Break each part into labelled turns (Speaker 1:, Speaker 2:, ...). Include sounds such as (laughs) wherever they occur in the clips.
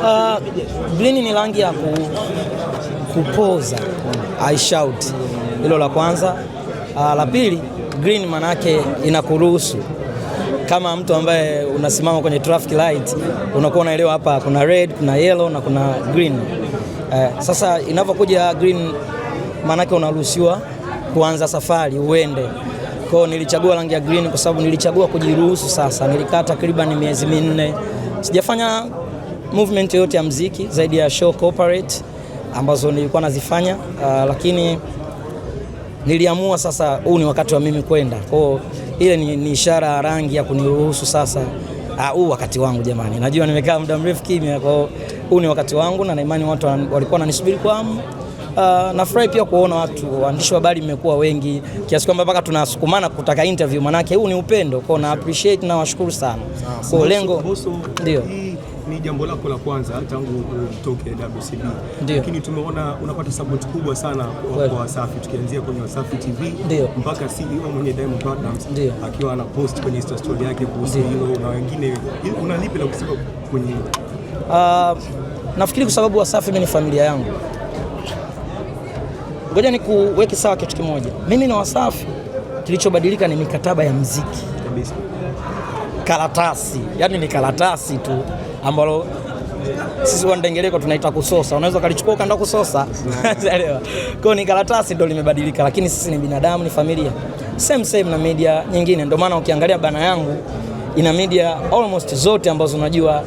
Speaker 1: Uh, blini ni rangi ya ku, kupoza I shout. Hilo la kwanza. Uh, la pili green manake inakuruhusu kama mtu ambaye unasimama kwenye traffic light unakuwa unaelewa hapa kuna red, kuna yellow na kuna green. Uh, sasa inapokuja green manake unaruhusiwa kuanza safari uende. Kwa hiyo nilichagua rangi ya green kwa sababu nilichagua kujiruhusu. Sasa nilikaa takriban miezi minne sijafanya movement yote ya mziki zaidi ya show corporate ambazo nilikuwa nazifanya uh, lakini niliamua sasa, huu ni wakati wa mimi kwenda kwao. Ile ni, ni ishara ya rangi ya kuniruhusu sasa ah, huu uh, wakati wangu jamani. Najua nimekaa muda mrefu kimya, kwao huu ni wakati wangu, na naimani watu walikuwa wananisubiri kwa hamu. Uh, nafurahi pia kuona watu waandishi wa habari mmekuwa wengi kiasi kwamba mpaka tunasukumana kutaka interview, manake huu ni upendo kwao, na appreciate na washukuru sana
Speaker 2: kwa lengo ndio ni jambo lako la kwanza tangu utoke WCB, lakini tumeona unapata support kubwa sana kwa Wasafi, tukianzia kwenye Wasafi TV mpaka CEO mwenye Diamond Platnumz akiwa ana post kwenye Insta story yake kuhusu hilo na wengine. Una lipi la kusema kwenye hilo?
Speaker 1: Uh, nafikiri kwa sababu Wasafi mimi ni familia yangu, ngoja ni kuweke sawa kitu kimoja. Mimi na Wasafi kilichobadilika ni mikataba ya mziki kabisa, karatasi, yani ni karatasi tu ambalo sisi wandengereko tunaita kusosa, unaweza ukalichukua ukaenda kusosa (laughs) elewa. Kwao ni karatasi ndo limebadilika, lakini sisi ni binadamu, ni familia same same na media nyingine. Ndio maana ukiangalia bana yangu ina media almost zote ambazo unajua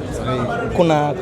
Speaker 1: kuna